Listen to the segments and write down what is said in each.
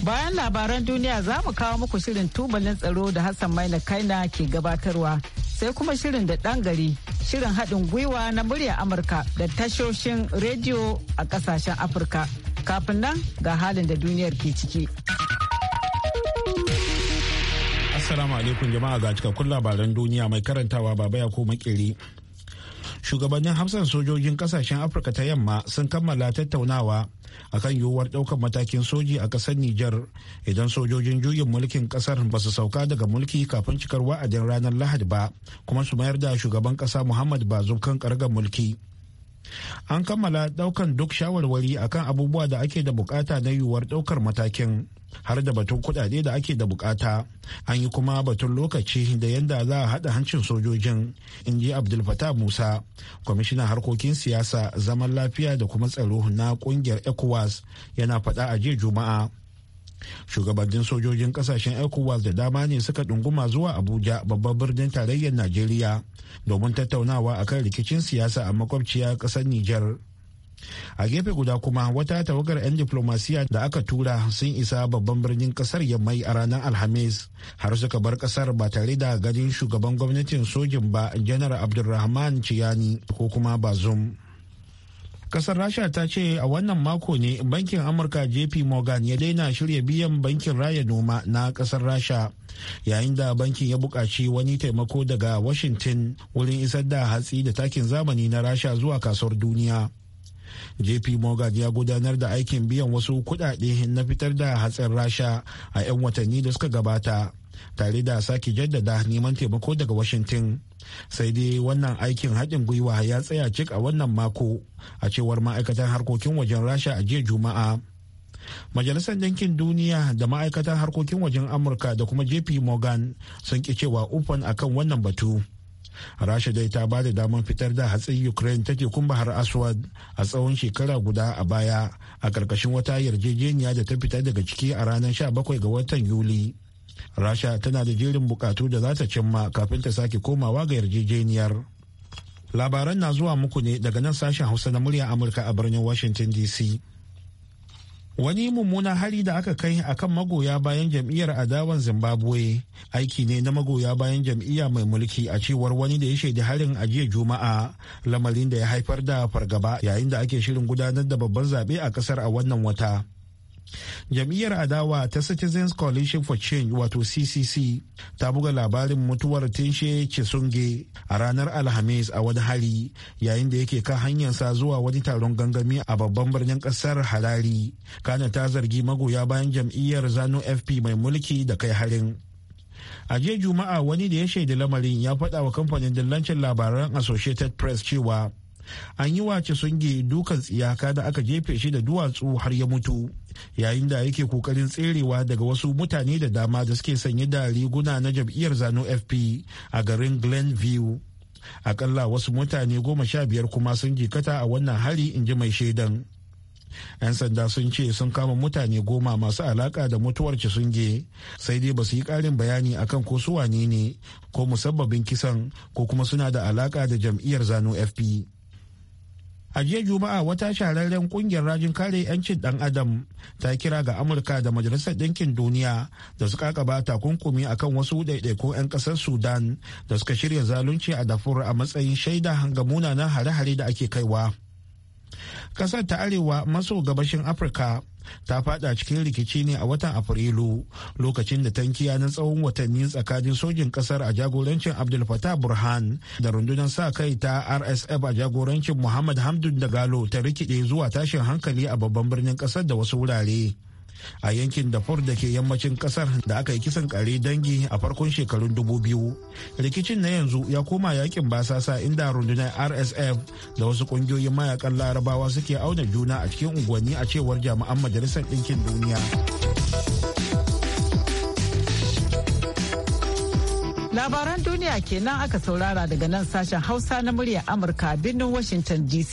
Bayan labaran duniya za mu kawo muku shirin tubalin tsaro da Hassan Maina Kaina ke gabatarwa. Sai kuma shirin da ɗan gari, shirin haɗin gwiwa na murya Amurka da tashoshin rediyo a ƙasashen Afirka. Kafin nan ga halin da duniyar ke ciki. Assalamu alaikum jama'a ga cikakkun labaran duniya mai karantawa baba ya ko makeri. shugabannin hafsan sojojin kasashen afirka ta yamma sun kammala tattaunawa a kan yiwuwar ɗaukar matakin soji a ƙasar nijar idan sojojin juyin mulkin ƙasar ba su sauka daga mulki kafin cikar wa'adin ranar lahadi ba kuma su mayar da shugaban ƙasa muhammad bazu kan ƙargar mulki an kammala daukan duk shawarwari akan abubuwa da ake da bukata na yiwuwar daukar matakin har da batun kudade da ake da bukata an yi kuma batun lokaci da yadda za a haɗa hancin sojojin in ji abdul musa kwamishinan harkokin siyasa zaman lafiya da kuma tsaro na kungiyar ecowas yana faɗa a jiya juma'a shugabannin sojojin kasashen ecowas da dama ne suka ɗunguma zuwa abuja babban birnin tarayyar najeriya domin tattaunawa akan rikicin siyasa a makwabciya ƙasar niger a gefe guda kuma wata tawagar 'yan diplomasiya da aka tura sun isa babban birnin kasar yammai a ranar alhamis har suka bar kasar ba tare da ganin shugaban gwamnatin sojin ba janar abdulrahman ciyani ko kuma bazum kasar rasha ta ce a wannan mako ne bankin amurka jp morgan ya daina shirya biyan bankin raya noma na kasar rasha yayin da bankin ya bukaci wani taimako daga washington wurin isar da hatsi da takin zamani na rasha zuwa kasuwar duniya jp morgan ya gudanar da aikin biyan wasu kudade na fitar da hatsin rasha a 'yan watanni da suka gabata tare da sake jaddada neman taimako daga washington sai dai wannan aikin haɗin gwiwa ya tsaya cik a wannan mako a cewar ma'aikatan harkokin wajen rasha a jiya juma'a majalisar ɗinkin duniya da ma'aikatan harkokin wajen amurka da kuma jp morgan sun ki cewa ufan akan wannan batu rasha dai ta bada damar fitar da hatsin ukraine ta tekun bahar aswad a tsawon shekara guda a baya a ƙarƙashin wata yarjejeniya da ta fita daga ciki a ranar 17 ga watan yuli rasha tana da jerin bukatu da za ta cimma kafin ta sake komawa ga yarjejeniyar labaran na zuwa muku ne daga nan sashen hausa na murya amurka a birnin washington dc wani mummuna hari da aka kai akan magoya bayan jam'iyyar adawan zimbabwe aiki ne na magoya bayan jam'iyya mai mulki a cewar wani da ya shaidi harin a jiya juma'a lamarin da ya haifar da fargaba yayin da ake shirin gudanar da babban zaɓe a ƙasar a wannan wata jam'iyyar adawa ta citizens coalition for change wato ccc ta buga labarin mutuwar tinshe chisunge a ranar alhamis a wani hari yayin da yake ka hanyar sa zuwa wani taron gangami a babban birnin kasar harari kana ta zargi magoya bayan jam'iyyar zanu fp mai mulki da kai harin a jiya juma'a wani da ya shaida lamarin ya faɗa wa kamfanin dillancin labaran associated press cewa an yi wace ge dukan tsiyaka da aka jefe shi da duwatsu har ya mutu yayin da yake kokarin tserewa daga wasu mutane da dama da suke sanye da riguna na jam'iyyar zano fp a garin glenview akalla wasu mutane goma sha biyar kuma sun jikata a wannan hari in ji mai shaidan 'yan sanda sun ce sun kama mutane goma masu alaka da mutuwar kisunge sai dai ba su yi karin bayani akan ko su wane ne ko musabbabin kisan ko kuma suna da alaka da jam'iyyar zanu fp A jiya Juma'a wata shahararren kungiyar rajin kare 'yancin ɗan adam ta kira ga Amurka da Majalisar Ɗinkin Duniya da su kakaba takunkumi a kan wasu ɗaiɗaikun 'yan ƙasar Sudan da suka shirya zalunci a dafur a matsayin shaida ga munanan hare-hare da ake kaiwa. Ƙasar ta Arewa maso gabashin Afirka ta fada cikin rikici ne a watan afrilu lokacin da tankiya na tsawon watanni tsakanin sojin kasar a jagorancin abdul fatah burhan da rundunar sa kai ta rsf a jagorancin muhammad hamdun da galo ta rikide zuwa tashin hankali a babban birnin kasar da wasu wurare a yankin dafur da ke yammacin kasar da aka yi kisan kare dangi a farkon shekarun dubu biyu rikicin na yanzu ya koma yakin basasa inda rundunar rsf da wasu kungiyoyin mayakan larabawa suke auna juna a cikin unguwanni a cewar jami'an majalisar ɗinkin duniya labaran duniya kenan aka saurara daga nan sashen hausa na muryar amurka birnin washington dc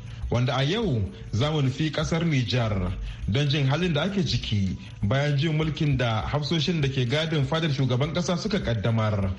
wanda a yau za mu nufi kasar Nijar don jin halin da ake ciki bayan jin mulkin da hafsoshin da ke gadin fadar shugaban kasa suka kaddamar.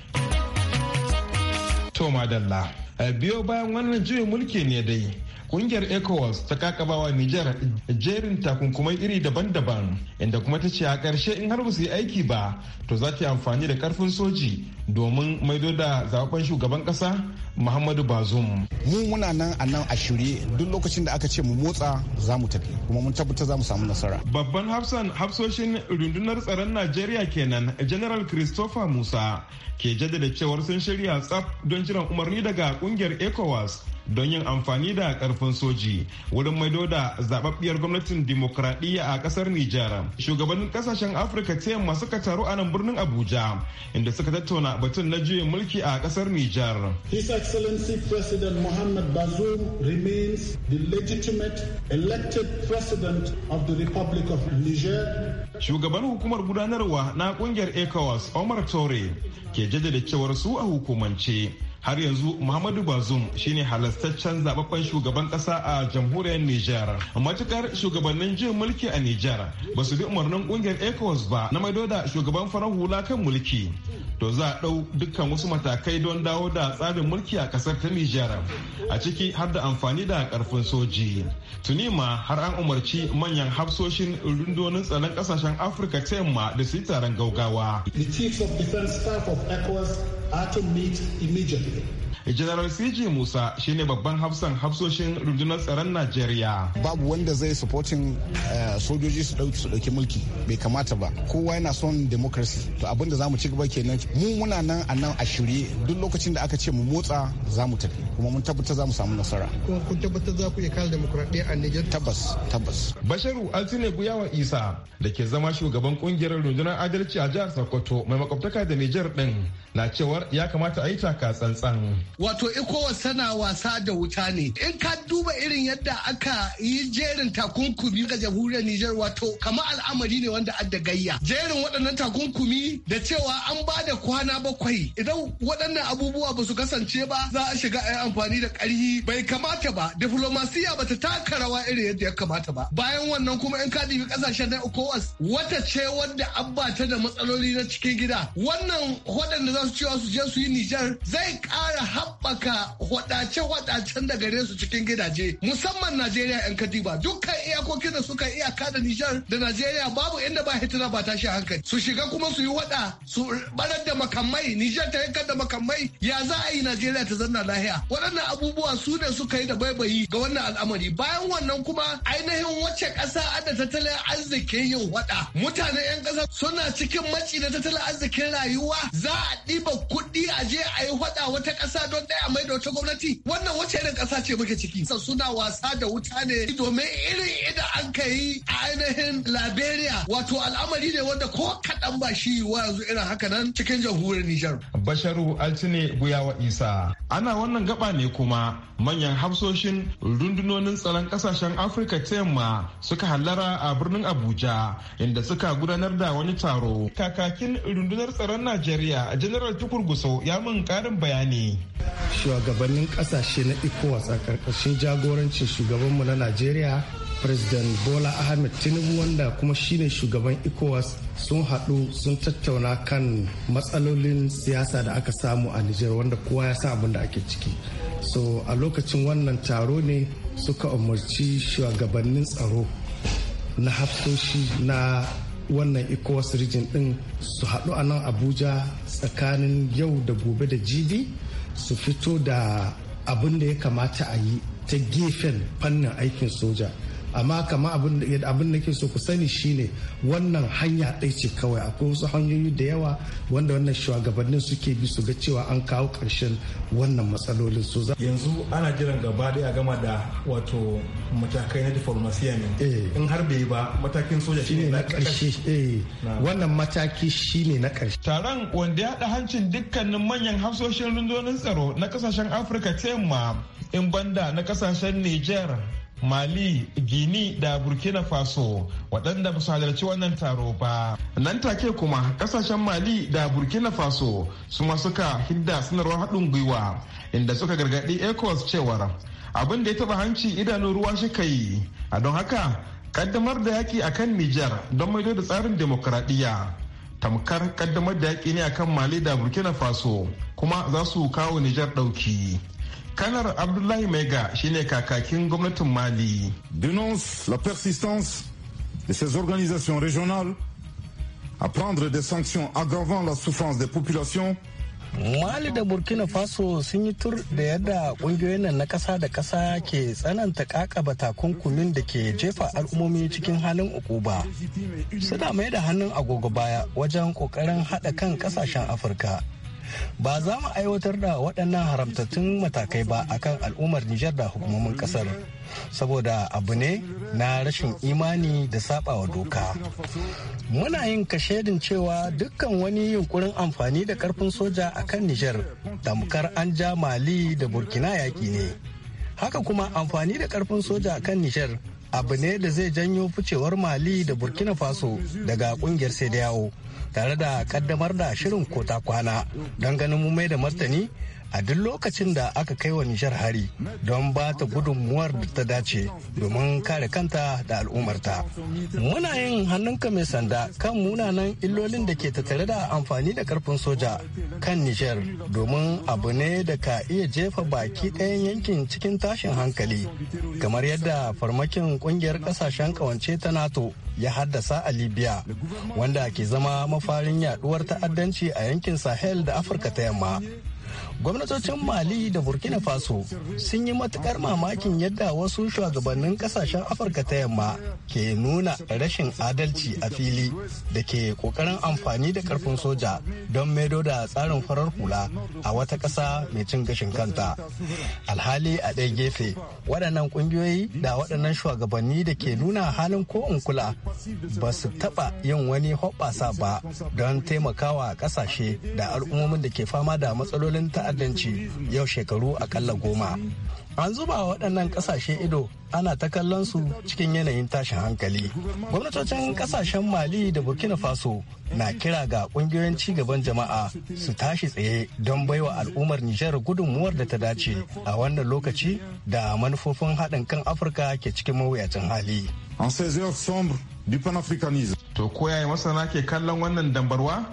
Toma Dalla. Eh, biyo bayan wannan juyin mulki ne dai kungiyar ecowas ta kakabawa nijar jerin takunkumai iri daban-daban inda kuma ta ce a karshe in har basu yi aiki ba to za ta yi amfani da karfin soji domin maido da zaben shugaban kasa muhammadu bazum mu muna nan a nan a shirye duk lokacin da aka ce mu motsa za mu tafi kuma mun tabbata za mu samu nasara babban hafsan hafsoshin rundunar tsaron najeriya kenan general christopher musa ke jaddada cewar sun shirya tsaf don jiran umarni daga kungiyar ecowas don yin amfani da karfin soji wurin maido da zababbiyar gwamnatin dimokuraɗiyya a ƙasar Nijar. Shugabannin ƙasashen Afirka ta yamma suka taru a nan birnin Abuja inda suka tattauna batun na juyin mulki a ƙasar Nijar. His Excellency President Mohamed Bazoum remains the legitimate elected president of the Republic of Niger. Shugaban hukumar gudanarwa na ƙungiyar ECOWAS Omar Tore ke jaddada cewar su a hukumance. har yanzu muhammadu bazum shine halastaccen zababben shugaban kasa a jamhuriyar nijar matukar shugabannin jin mulki a nijar basu bi umarnin kungiyar ecowas ba na maido da shugaban farar hula kan mulki to za a ɗau dukkan wasu matakai don dawo da tsarin mulki a kasar ta nijar a ciki har da amfani da karfin soji tuni ma har an umarci manyan hafsoshin rundunonin tsaron kasashen afirka ta yamma da su yi taron gaugawa the chief of defense staff of ecowas atom needs immediately. General CG Musa shine babban hafsan hafsoshin rundunar tsaron Najeriya. Babu wanda zai supportin eh, sojoji su dauki su dauki mulki bai kamata ba. Kowa yana son democracy. To abin da zamu ci gaba kenan mu muna nan a nan a shirye duk lokacin da aka ce mu motsa za mu tafi kuma mun tabbatar za mu samu nasara. Kuma kun tabbatar za ku iya kare demokradiyya a Niger? Tabbas tabbas. Basharu Altine buyawa Isa da ke zama shugaban kungiyar rundunar adalci a jihar Sokoto mai makwabtaka da Niger din. na cewar ya kamata a yi taka tsantsan. Wato ECOWAS tana wasa da wuta ne. In ka duba irin yadda aka yi jerin takunkumi ga jamhuriyar Nijar wato kama al'amari ne wanda adda gayya. Jerin waɗannan takunkumi da cewa an ba da kwana bakwai idan waɗannan abubuwa ba su kasance ba za a shiga a yi amfani da ƙarhi bai kamata ba. Diflomasiya ba ta taka rawa irin yadda ya kamata ba. Bayan wannan kuma in ka dubi ƙasashen na ECOWAS wata ce wadda an ba ta da matsaloli na cikin gida. Wannan waɗanda za su cewa su je su yi Nijar zai kara haɓaka hwadace-hwadacen da gare su cikin gidaje musamman Najeriya 'yan Kadiba dukkan iyakokin da suka iyaka da Nijar da Najeriya babu inda ba hitira ba tashi hankali su shiga kuma su yi wada su barar da makamai Nijar ta yankar da makamai ya za a yi Najeriya ta zanna lahiya waɗannan abubuwa su ne suka yi da baibayi ga wannan al'amari bayan wannan kuma ainihin wacce ƙasa da tattalin arzikin yin wada mutanen 'yan ƙasa suna cikin maci da tattalin arzikin rayuwa za a ɗiba kuɗi a je a yi hwada wata ƙasa don ɗaya mai da wata gwamnati wannan wace irin ƙasa ce muke ciki suna wasa da wuta ne domin irin idan an ka yi a ainihin liberia wato al'amari ne wanda ko kaɗan ba shi wa yanzu irin haka nan cikin jamhuriyar nijar basharu altine guyawa isa ana wannan gaba ne kuma manyan hafsoshin rundunonin tsaron kasashen afirka ta yamma suka hallara a birnin abuja inda suka gudanar da wani taro kakakin rundunar tsaron najeriya a General tukurguso ya min karin bayani. Shugabannin kasashe na ECOWAS a karkashin jagorancin shugabanmu na Najeriya, President Bola Ahmed Tinubu wanda kuma shine shugaban ECOWAS sun haɗu sun tattauna kan matsalolin siyasa da aka samu a Nijar wanda kowa ya sa abin da ake ciki. So a lokacin wannan taro ne suka umarci shugabannin tsaro na hafsoshi na wannan ecowas region din su haɗu a nan abuja tsakanin yau da gobe da jibi su fito da abin da ya kamata a yi ta gefen fannin aikin soja amma kama abin da ke so ku sani shine wannan hanya ɗaya ce kawai akwai wasu hanyoyi da yawa wanda wannan shugabannin suke bi su ga cewa an kawo ƙarshen wannan matsalolin su yanzu ana jiran gaba ɗaya gama da wato matakai na diplomasiya ne eh. in har bai ba matakin soja shine na ƙarshe eh. wannan mataki shine na ƙarshe taron wanda ya haɗa hancin dukkanin manyan hafsoshin rundunar tsaro na kasashen afirka ta yamma in banda na kasashen niger mali gini da burkina faso waɗanda ba su halarci wannan taro ba nan take kuma ƙasashen mali da burkina faso su ma suka hidda sanarwar haɗin gwiwa inda suka gargaɗi ecos cewar abin da ya taɓa hanci idanun ruwa shi yi a don haka kaddamar da yaƙi akan nijar don maido da tsarin demokuraɗiyya tamkar kaddamar da yaƙi ne akan mali da burkina faso kuma za su kawo nijar ɗauki kanar abdullahi maiga shine kakakin gwamnatin mali denonce la persistance de ces organisations régionales à prendre des sanctions aggravant la souffrance des populations mali da burkina faso sun yi tur da yadda kungiyoyin nan na kasa da kasa ke tsananta kakaba takunkumin da ke jefa al'ummomi cikin halin ukuba suna mai da hannun agogo baya wajen kokarin haɗa kan kasashen afirka ba za mu aiwatar da waɗannan haramtattun matakai ba akan al'ummar nijar da hukumomin ƙasar saboda abu ne na rashin imani da sabawa doka muna yin kashedin cewa dukkan wani yunkurin amfani da karfin soja a kan nijar tamkar an ja mali da burkina yaƙi ne haka kuma amfani da ƙarfin soja a kan nijar abu ne da zai janyo ficewar mali da burkina faso daga ƙungiyar sai da yawo tare da kaddamar da shirin kota kwana don ganin mu mai da martani a duk lokacin da aka kai wa nishar hari don ba ta gudunmuwar da ta dace domin kare kanta da al'ummarta. Muna yin hannunka mai sanda kan munanan illolin da ke tattare da amfani da karfin soja kan Nijar domin abu ne da ka iya jefa baki ɗayan yankin cikin tashin hankali kamar yadda farmakin kungiyar ƙasashen kawance ta NATO ya haddasa a libya wanda ke zama mafarin yaduwar ta'addanci a yankin sahel da afirka ta yamma gwamnatocin mali da burkina faso sun yi matukar mamakin yadda wasu shugabannin kasashen afirka ta yamma ke nuna rashin adalci a fili da ke kokarin amfani da karfin soja don maido da tsarin farar hula a wata kasa mai cin gashin kanta alhali a ɗaya gefe waɗannan ƙungiyoyi da waɗannan shugabanni da ke nuna halin ko kula ba su taɓa yin wani hoɓɓasa ba don taimakawa ƙasashe da al'ummomin da ke fama da matsalolin ta ta'addanci yau shekaru akalla goma an zuba waɗannan ƙasashe ido ana ta kallon su cikin yanayin tashin hankali gwamnatocin ƙasashen mali da burkina faso na kira ga ƙungiyoyin ci gaban jama'a su tashi tsaye don baiwa al'ummar nijar gudunmuwar da ta dace a wannan lokaci da manufofin haɗin kan afirka ke cikin mawuyacin hali du to koyaye masana ke kallon wannan dambarwa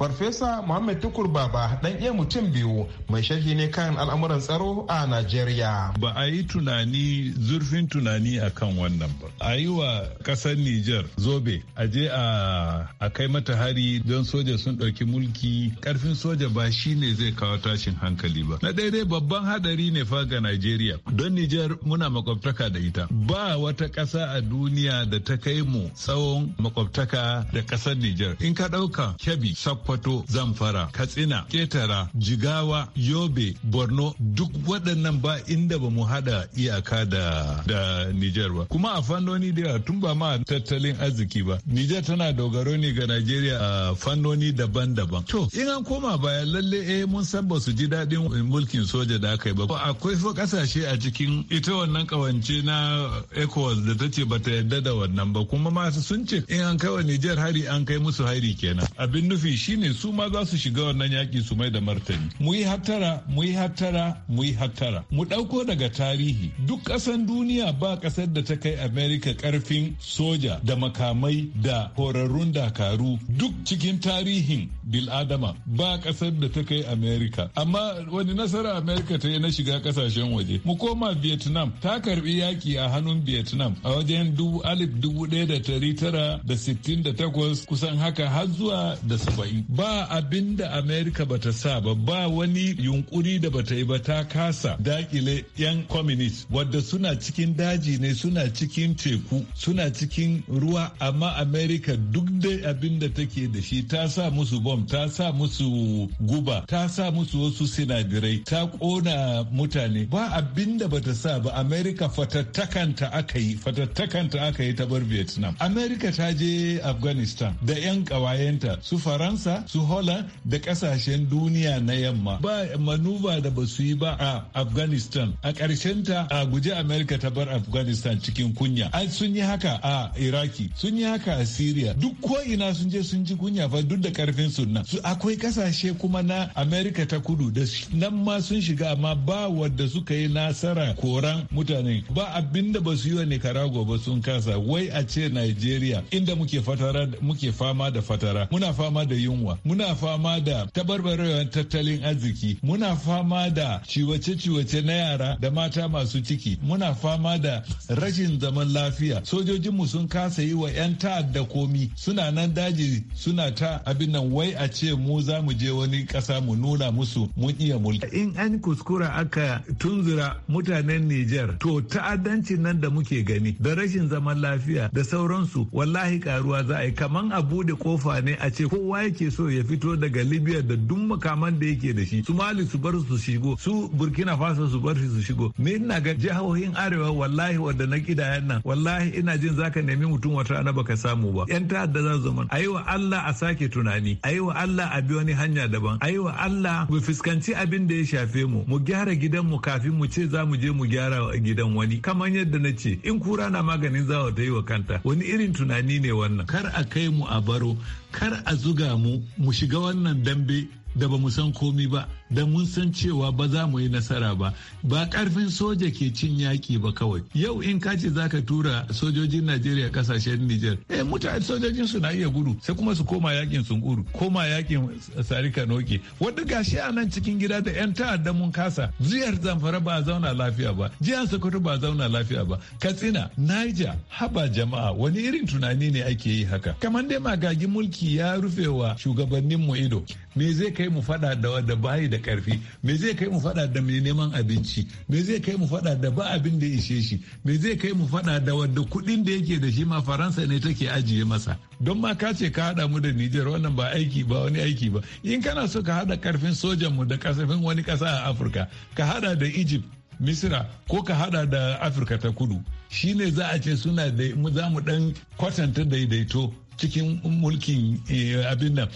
Farfesa muhammed Tukur Baba dan iya mutum biyu mai sharhi ne kan al'amuran tsaro a Najeriya. Ba a yi tunani zurfin tunani a kan wannan ba. A yi wa ƙasar Nijar zobe a je a kai mata hari don soja sun ɗauki mulki Karfin soja ba shi ne zai kawo tashin hankali ba. Na daidai babban hadari ne fa ga Najeriya don Nijar muna makwabtaka da ita. Ba wata ƙasa a duniya da ta kai mu tsawon makwabtaka da ƙasar Nijar. In ka ɗauka Kebbi, Sakko Sokoto, Zamfara, Katsina, Ketara, Jigawa, Yobe, Borno duk waɗannan ba inda ba mu haɗa iyaka da da Nijar ba. Kuma a fannoni da tun ba ma tattalin arziki ba. Nijar tana dogaro ne ga Najeriya a fannoni daban-daban. To, in an koma baya lalle eh mun san ba su ji daɗin mulkin soja da aka yi ba. Akwai fa ƙasashe a cikin ita wannan kawance na ECOWAS da ta ce ba ta yarda da wannan ba. Kuma masu sun ce in an kai wa Nijar hari an kai musu hari kenan. Abin nufi shi shine su ma za su shiga wannan yaƙi su mai da martani mu yi hattara mu yi hattara mu yi hattara mu ɗauko daga tarihi duk ƙasan duniya ba ƙasar da ta kai amerika ƙarfin soja da makamai da horarrun dakaru duk cikin tarihin biladama ba ƙasar da ta kai america amma wani nasara america ta yi na shiga ƙasashen waje mu koma vietnam ta karbi yaƙi a hannun vietnam a wajen dubu alif dubu ɗaya da tara da sittin da takwas kusan haka har zuwa da saba'in ba abin da amerika bata sa ba ba wani yunkuri da bata yi ba ta kasa dakile yan communist wadda suna cikin daji ne suna cikin teku suna cikin ruwa amma amerika duk da abin da take da shi ta sa musu bom ta sa musu guba ta sa musu wasu sinadirai ta kona mutane ba abin da bata sa ba amerika fatattakanta aka yi fatattakanta aka yi ta bar vietnam amerika ta je afghanistan da yan kawayenta su faransa faransa su holland da kasashen duniya na yamma ba manuba da ba su yi ba a afghanistan a ta a guji america ta bar afghanistan cikin kunya ai sun yi haka a iraki sun yi haka a syria duk ko ina sun je sun ji kunya fa duk da karfin nan su akwai kasashe kuma na america ta kudu da nan ma sun shiga amma ba wadda suka yi nasara koran mutane ba abin da ba su yi wa nicaragua ba sun kasa wai a ce nigeria inda muke fatara muke fama da fatara muna fama da yunwa yunwa muna fama da tabarbarewar tattalin arziki muna fama da ciwace-ciwace na yara da mata masu ciki muna fama da rashin zaman lafiya sojojinmu sun kasa yi wa 'yan ta'adda komi suna nan daji suna ta abin nan wai a ce mu za mu je wani kasa mu nuna musu mun iya mulki in an kuskura aka tunzura mutanen Nijar to ta'addanci nan da muke gani da rashin zaman lafiya da sauransu wallahi karuwa za a yi kaman a bude kofa ne a ce kowa yake so ya fito daga libya da duk makaman da yake da shi su mali su bar su shigo su burkina faso su bar su shigo ni ina ga jihohin arewa wallahi wanda na kidayan nan wallahi ina jin zaka nemi mutum wata rana baka samu ba yan ta'adda za zaman ayiwa allah a sake tunani ayiwa allah a bi wani hanya daban ayiwa allah mu fuskanci abin da ya shafe mu mu gyara gidan mu kafin mu ce za mu je mu gyara gidan wani kamar yadda na ce in kura na maganin zawa ta yi wa kanta wani irin tunani ne wannan kar a kai mu a baro kar a zuga mu mu shiga wannan dambe da ba mu san komi ba da mun san cewa ba za mu yi nasara ba ba karfin soja ke cin yaƙi ba kawai yau in ka ce za ka tura sojojin najeriya kasashen Nijar. eh mutane sojojin su na iya gudu sai kuma su koma yakin sunkuru koma yakin sari noke wadda gashi a nan cikin gida da yan ta'adda mun kasa jihar zamfara ba zauna lafiya ba jihar sokoto ba zauna lafiya ba katsina niger haba jama'a wani irin tunani ne ake yi haka kamar dai magagin mulki ya rufe wa shugabannin mu ido me zai kai mu fada da wanda bayi da karfi me zai kai mu fada da mai neman abinci me zai kai mu fada da ba abin da ishe shi me zai kai mu fada da wanda kudin da yake da shi ma faransa ne take ajiye masa don ma ka ce ka hada mu da Nijar wannan ba aiki ba wani aiki ba in kana so ka hada karfin sojan mu da kasafin wani kasa a Afirka ka hada da Egypt misira ko ka hada da afirka ta kudu shine za a ce suna da za mu dan kwatanta daidaito cikin mulkin eh, abin nan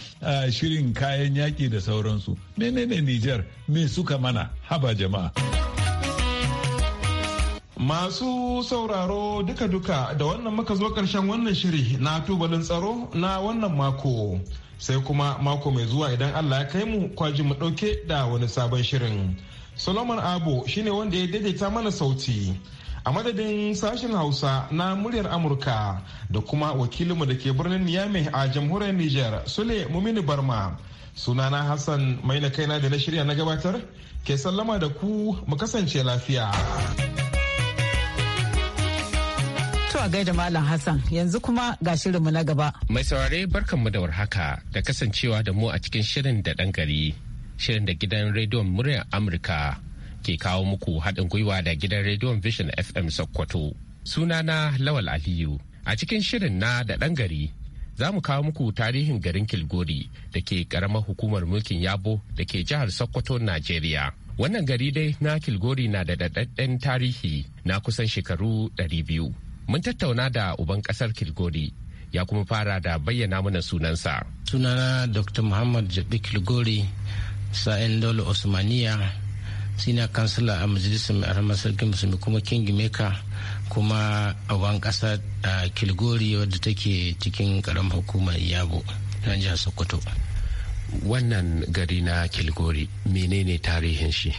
shirin kayan yaƙi da sauransu menene Nijar me suka mana haba jama'a Masu sauraro duka-duka da wannan muka zo karshen wannan shiri na tubalin tsaro na wannan mako. Sai kuma mako mai zuwa idan Allah ya kai mu kwaji mu ɗauke da wani sabon shirin. solomon abu shine wanda ya daidaita mana sauti a madadin sashen hausa na muryar amurka da kuma wakilinmu da ke birnin niamey a jamhuriyar niger sule mumini barma sunana hassan mai na kaina da na shirya na gabatar ke sallama da ku mu kasance lafiya gaida Malam Hassan yanzu kuma ga shirinmu na gaba. Mai saurare barkanmu da warhaka da kasancewa da mu a cikin shirin da ɗan gari. shirin da gidan rediyon muryar amurka ke kawo muku haɗin gwiwa da gidan rediyon vision fm sokoto sunana lawal aliyu a cikin shirin na da ɗan gari za mu kawo muku tarihin garin kilgori da ke ƙaramar hukumar mulkin yabo da ke jihar sokoto najeriya wannan gari dai na kilgori na da daɗaɗɗen tarihi na kusan shekaru 200 mun tattauna da uban ƙasar kilgori ya kuma fara da bayyana mana sunansa sunana dr muhammad jabi kilgori sa'in dole osmaniya sina kansila a majalisar mai aramar sarkin musulmi kuma King maker kuma a wan kasa a kilgori wadda take cikin karam hukumar yabo na jihar sokoto wannan gari na kilgori menene tarihin shi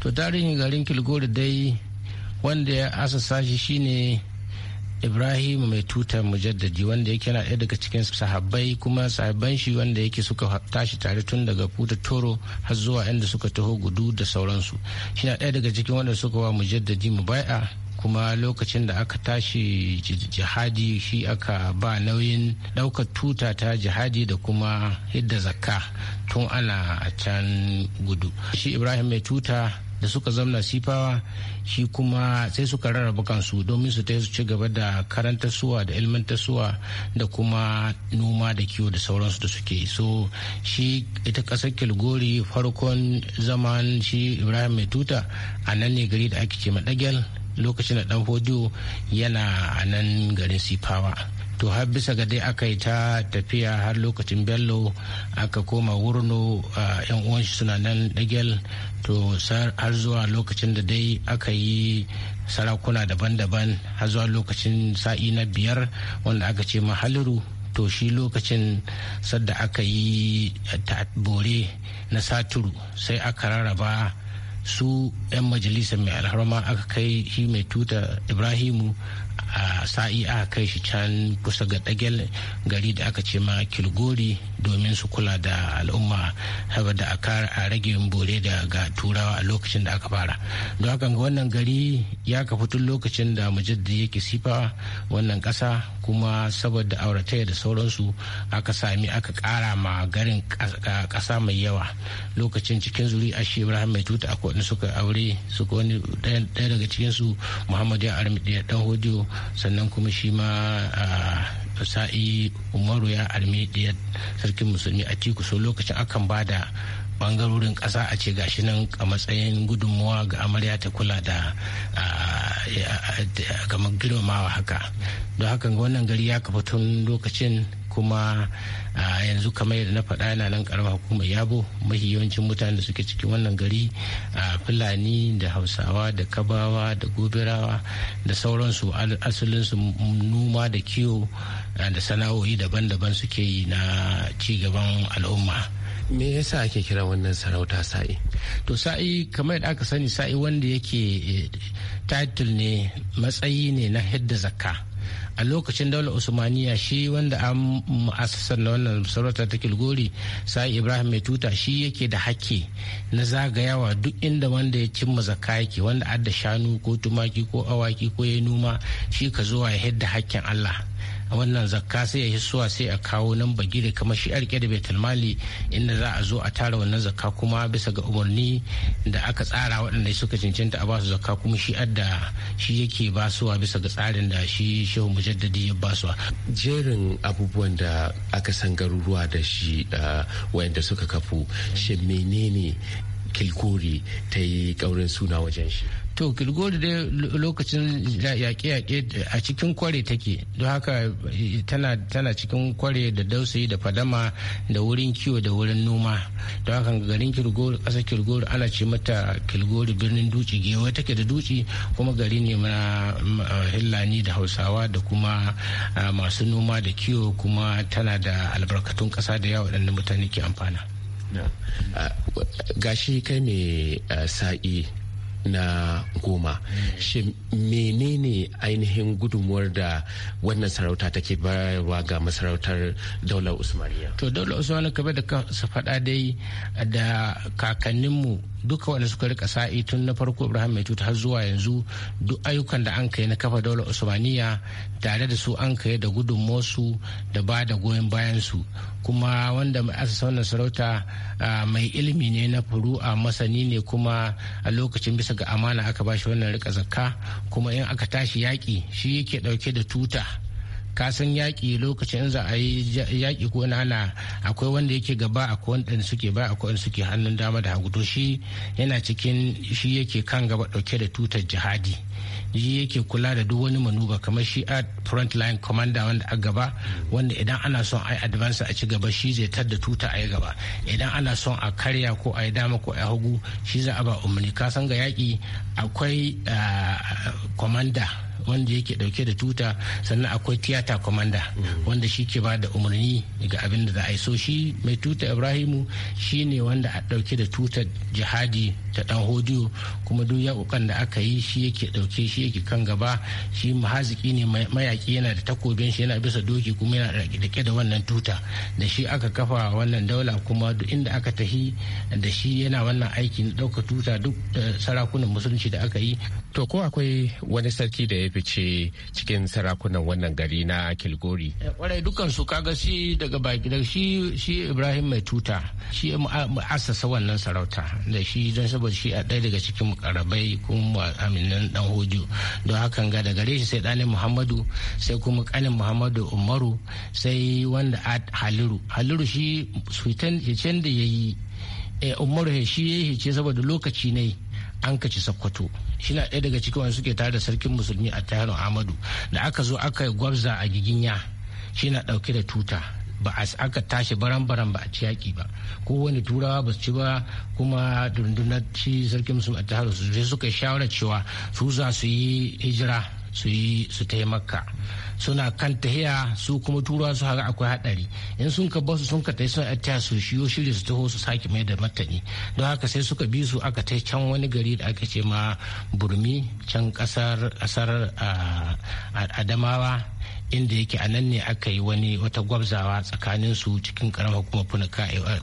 to tarihin garin kilgori dai wanda ya asasa shi shine ibrahim mai tuta mujaddadi wanda yake na ɗaya daga cikin sahabbai kuma sahabban shi wanda yake suka tashi tare tun daga puta toro har zuwa inda suka taho gudu da sauransu shi na ɗaya daga cikin wanda suka wa mujaddadi mu mubai'a kuma lokacin da aka tashi jihadi shi aka ba nauyin ɗaukar tuta ta jihadi da kuma hidda zakka tun ana can gudu shi ibrahim mai tuta da suka zamna sifawa shi kuma sai suka rarraba kansu domin su su ci gaba da suwa da ilmantarsuwa da kuma noma da kiwo da sauransu da suke so shi ita kasar kilgori farkon zaman shi ibrahim mai tuta a nan ne gari da ake ce madagel lokacin da dan hodiyo yana a nan garin sifawa to har bisa ga dai aka yi ta tafiya har lokacin bello aka koma wurno yan uwan shi suna nan dagel to har zuwa lokacin da dai aka yi sarakuna daban-daban har zuwa lokacin sa'i na biyar wanda aka ce mahaliru to shi lokacin sadda aka yi eh, bore na saturu sai aka rarraba su 'yan majalisa mai alharma aka kai shi mai tuta ibrahimu a sa'i a kai shi can kusa ga dagel gari da aka ce ma kilgori domin su kula da al'umma saboda a a rage bore da ga turawa a lokacin da aka fara don haka ga wannan gari ya kafu tun lokacin da mujaddadi yake sifa wannan kasa kuma saboda aurataya da sauransu aka sami aka kara ma garin kasa mai yawa lokacin cikin zuri a shi ibrahim mai tuta akwai wani suka aure suka wani daya daga cikinsu muhammadu ya armi dan hodiyo sannan kuma shi ma sa'i umaru ya armi ɗaya sarkin musulmi a tiku so lokacin akan ba da bangarorin ƙasa a ce gashi nan a matsayin gudunmawa ga amarya ta kula da kamar girmamawa haka don haka wannan gari ya kafa tun lokacin kuma yanzu kamar yadda na faɗa yana nan karamar hukumar yabo mafi yawancin mutane da suke cikin wannan gari a fulani da hausawa da kabawa da gobirawa da sauransu asalinsu noma da kiwo da sana'o'i daban-daban suke yi na ci gaban al'umma me yasa ake kira wannan sarauta sa'i to sa'i kamar yadda aka sani sa'i wanda yake eh, title ne matsayi ne na hidda zakka a lokacin daular usmaniya shi wanda an ma'asasar na wannan sarauta ta kilgori sai ibrahim mai tuta shi yake da hake na zagayawa duk inda wanda ya cimma zakka yake wanda adda shanu ko tumaki ko awaki ko ya noma shi ka zuwa ya hidda hakkin allah wannan zakka sai ya yi suwa sai a kawo nan bagire kamar shi a rike da baitul mali inda za a zo a tara wannan zakka kuma bisa ga umarni da aka tsara waɗanda suka cancanta a basu zakka kuma shi adda shi yake basuwa bisa ga tsarin da shi shehu mujaddadi ya basuwa jerin abubuwan da aka san garuruwa da shi uh, wayanda suka kafu shin menene kilkori ta yi kaurin suna wajen shi to kilgori dai lokacin yaƙe-yaƙe a cikin kware take don haka eh, tana cikin kware da dausayi da fadama da wurin kiwo da wurin noma don haka garin kilgori ƙasar kilgori ana ce mata kilgori birnin duci gewa take da duci kuma gari ne na hillani da hausawa da kuma ah, masu noma da kiwo kuma tana da albarkatun ƙasa da yawa waɗanda mutane ke amfana ah, gashi kai mai ah, sa'i na goma shi menene ainihin gudunmuwar da wannan sarauta take bayarwa ga masarautar daular usmaniya to daular usmaniya kamar da ka faɗa dai da kakanninmu duka wanda suka rika sa'i tun na farko ibrahim mai tuta har zuwa yanzu duk ayyukan da an kai na kafa daular usmaniya tare da su an kai da gudunmosu da ba da goyon bayansu kuma wanda mai asasa wannan sarauta mai ilimi ne na furu'a masani ne kuma a lokacin bisa ga amana aka bashi wannan rika zakka kuma in aka tashi yaƙi shi yake ɗauke da tuta kasan yaƙi lokacin za a yi yaƙi ko nana akwai wanda yake gaba akwai wanda suke ba akwai wanda suke hannun dama da hagu to shi yana cikin shi yake kan gaba ɗauke da tutar jihadi shi yake kula da duk wani manuba kamar shi a front line commander wanda a gaba wanda idan ana son a yi advance a ci gaba shi zai da tuta a yi gaba idan ana son a karya ko a yi dama ko a yi hagu shi za a ba umarni kasan ga yaƙi akwai ah, commander wanda yake dauke da tuta sannan akwai tiyata commander wanda shi ke ba da umarni ga abin da za a yi so shi mai tuta ibrahimu shi ne wanda a dauke da tutar jihadi ta dan hodiyo kuma duk yakukan da aka yi shi yake dauke shi yake kan gaba shi mahaziki ne mayaki yana da takobin shi yana bisa doki kuma yana rike da wannan tuta da shi aka kafa wannan daula kuma duk inda aka tahi da shi yana wannan aiki na dauka tuta duk eh, sarakunan musulunci da aka yi To ko akwai wani sarki da ya fice cikin sarakunan wannan gari na Kilgori? Eh, kwarai dukkan su kaga shi daga baki daga shi Ibrahim mai tuta shi asasa wannan sarauta da shi don saboda shi a ɗaya daga cikin karabai kuma aminan dan hoju don hakan ga da gare shi sai ɗanin Muhammadu sai kuma ƙanin Muhammadu Umaru sai wanda Haliru Haliru shi da ya yi eh, Umaru shi ya yi saboda lokaci ne an kaci sakkwato shi na ɗaya daga cikin wani suke tare da sarkin musulmi a tarin amadu da aka zo aka yi gwabza a giginya shi na ɗauke da tuta ba a aka tashi baran-baran ba a ci yaƙi ba ko wani turawa ba su ci ba kuma dundunar ci sarkin musulmi a tahiru su suka shawara cewa su za su yi hijira su yi su taimaka suna kan tahiya su kuma tura su haka akwai hadari in sun ka basu sun ka tai sun atta su shiyo shiri su taho su sake mai da matani don haka sai suka bi su aka tai can wani gari da aka ce ma burmi can kasar kasar ah, adamawa inda yake a nan ne aka yi wani wata gwabzawa tsakanin su cikin karamar hukumar funuka eh, eh,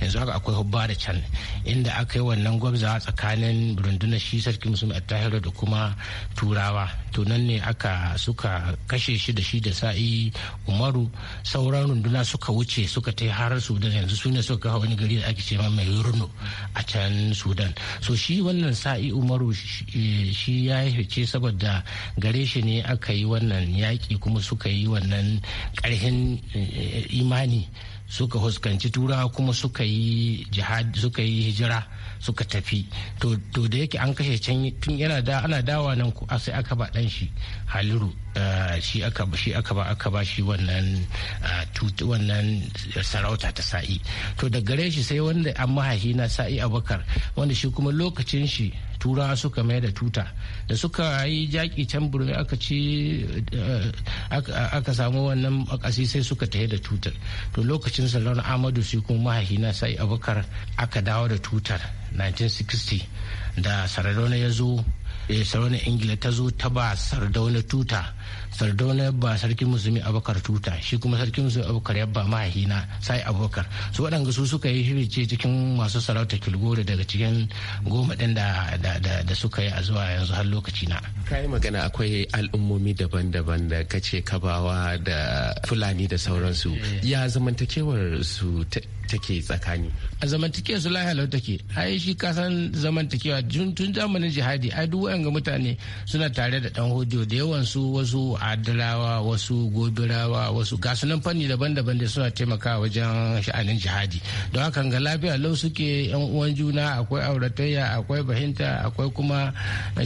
yanzu haka akwai hubba da can inda aka yi wannan gwabzawa tsakanin rundunar shi sarki musulmi attahiru da kuma turawa to nan ne aka suka kashe shi da shi da sa'i umaru sauran runduna suka wuce suka ta har sudan yanzu su ne suka kawo wani gari da ake ce mai yurno a can sudan so shi wannan sa'i umaru shi ya yi fice saboda gare shi ne aka yi wannan yaƙi kuma kuma suka yi wannan ƙarfin eh, imani suka huskanci tura kuma suka yi jihad suka yi hijira suka tafi to da yake an kashe can tun yana da ana dawa nan ku sai aka ba dan shi haliru eh, shi aka shi aka ba aka ba shi wannan eh, wannan sarauta ta sa'i to da gare shi sai wanda an mahaifi na sa'i abakar wanda shi kuma lokacin shi tura suka mai da tuta da suka yi jaki can burmi aka ci eh, aka samu wannan makasi sai suka tafi da tutar to lokacin salon amadu su kuma mahahina sai abubakar aka dawo da tutar 1960 da sardauna ya zo eh, sardauna ingila ta zo ta ba sardauna tuta sardauna ba sarkin musulmi abubakar tuta shi kuma sarkin musulmi abubakar yabba mahina sai abubakar su waɗanda su suka yi shiri cikin masu sarauta kilgore daga cikin goma ɗin da suka yi a zuwa yanzu har lokaci na. ka yi magana akwai al'ummomi daban-daban da ka ce kabawa da fulani da sauransu eh. ya zamantakewar su take tsakani a zamantakewa su lahiya lau take ai shi kasan zamantakewa tun zamanin jihadi ai duk mutane suna tare da dan hodiyo da yawan su wasu adalawa wasu gobirawa wasu gasu nan fanni daban-daban da suna taimakawa wajen sha'anin jihadi don haka ga lafiya lau suke yan uwan juna akwai auratayya akwai fahimta akwai kuma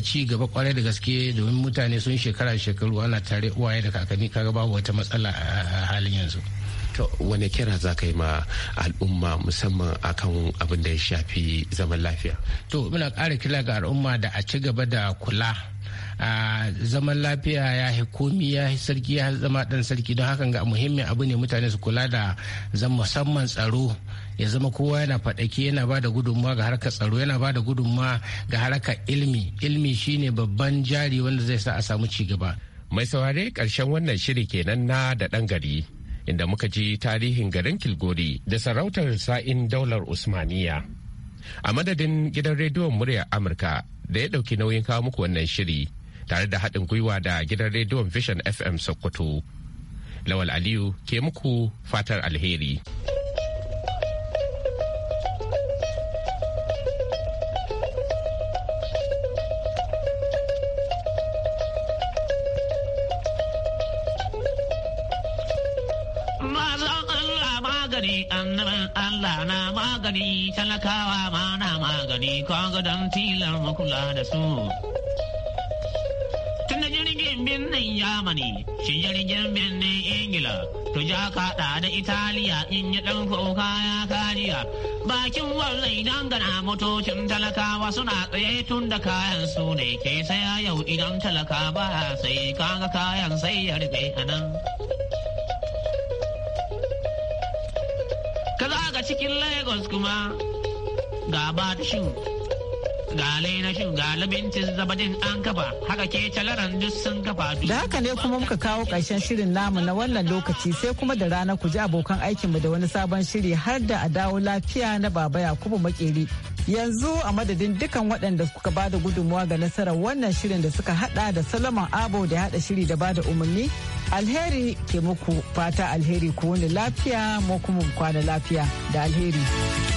ci gaba kwarai da gaske domin mutane sun shekara shekaru ana tare uwaye da kakanni kaga babu wata matsala a halin yanzu wani wane kira za ka yi ma al'umma musamman akan abin da ya shafi zaman lafiya to muna kara kira ga al'umma da a ci gaba da kula zaman lafiya ya yi komi ya yi sarki ya zama dan sarki don hakan ga muhimmin abu ne mutane su kula da zan musamman tsaro ya zama kowa yana faɗake yana ba da gudunmawa ga harkar tsaro yana ba da gudunmawa ga harkar ilmi ilmi shine babban jari wanda zai sa a samu ci gaba mai saurare karshen wannan shiri kenan na da ɗan gari inda muka ji tarihin garin kilgori da sarautar sa'in daular usmaniya a madadin gidan rediyon muryar amurka da ya ɗauki nauyin kawo muku wannan shiri tare da haɗin gwiwa da gidan rediyon vision fm sokoto lawal aliyu ke muku fatar alheri annabin Allah na magani talakawa ma na magani kwa gadon tilar makula da su. jirgin nan yamani shi jirgin birnin ingila to ja kaɗa da italiya in yi ɗan kuka ya kariya bakin wannan idan gana motocin talakawa suna tsaye tun da kayan su ne ke saya yau idan talaka ba sai kaga kayan sai ya rufe a nan ka cikin lagos kuma ga ba shi galai na shin zabadin an kafa haka ke calaran duk sun kafa da haka ne kuma muka kawo karshen shirin namu na wannan lokaci sai kuma da rana ku ji abokan aikinmu da wani sabon shiri har da a dawo lafiya na baba yakubu makeri yanzu a madadin dukan waɗanda suka ba da gudunmuwa ga nasarar wannan shirin da suka hada da salaman abo da hada shiri da ba da umarni alheri ke muku fata alheri ku wani lafiya mu kuma kwana lafiya da alheri.